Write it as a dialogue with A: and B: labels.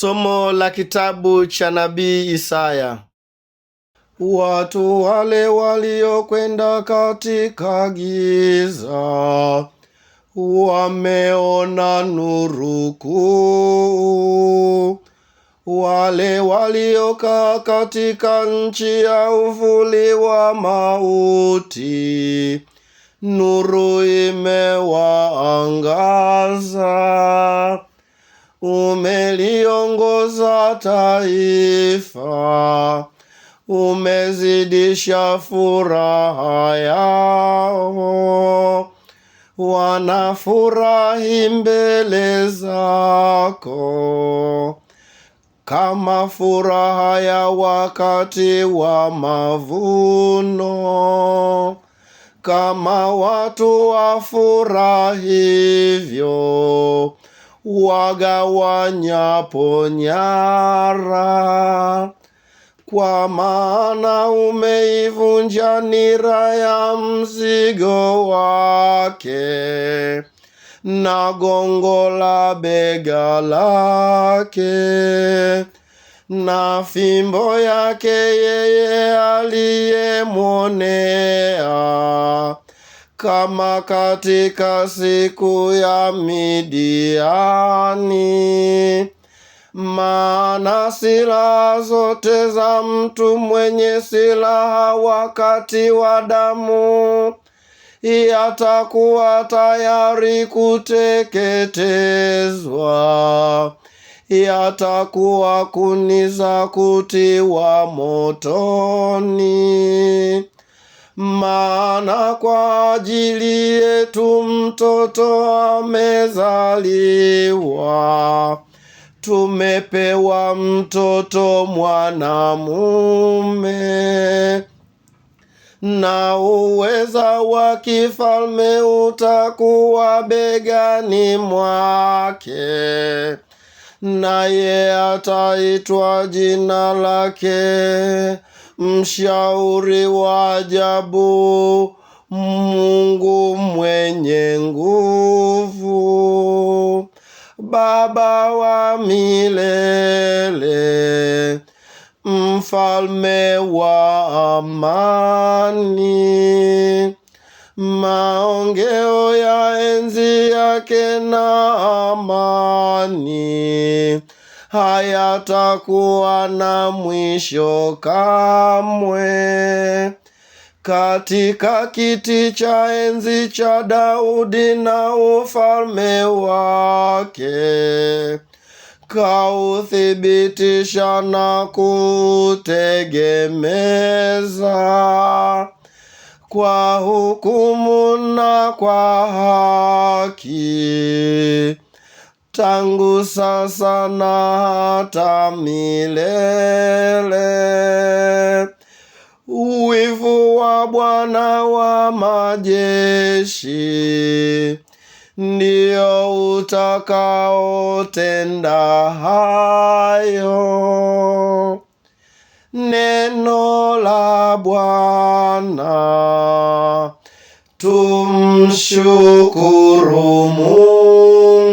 A: Somo la kitabu cha nabii Isaya. Watu wale waliokwenda katika giza wameona nuru kuu, wale waliokaa katika nchi ya uvuli wa mauti, nuru imewaangaza umeliongoza taifa, umezidisha furaha yao, wanafurahi mbele zako kama furaha ya wakati wa mavuno, kama watu wafurahivyo wagawanyapo nyara, kwa maana umeivunja nira ya mzigo wake na gongo la bega lake na fimbo yake yeye aliyemwonea kama katika siku ya Midiani. Maana silaha zote za mtu mwenye silaha wakati wa damu yatakuwa tayari kuteketezwa, yatakuwa kuni za kutiwa motoni maana kwa ajili yetu mtoto amezaliwa, tumepewa mtoto mwanamume, na uweza wa kifalme utakuwa begani mwake, naye ataitwa jina lake mshauri wa ajabu, Mungu mwenye nguvu, Baba wa milele, mfalme wa amani. Maongeo ya enzi yake na amani hayatakuwa na mwisho kamwe. Katika kiti cha enzi cha Daudi na ufalme wake kauthibitisha na kutegemeza kwa hukumu na kwa haki tangu sasa na hata milele. Uwivu wa Bwana wa majeshi ndiyo utakaotenda hayo. Neno la Bwana. Tumshukuru Mungu.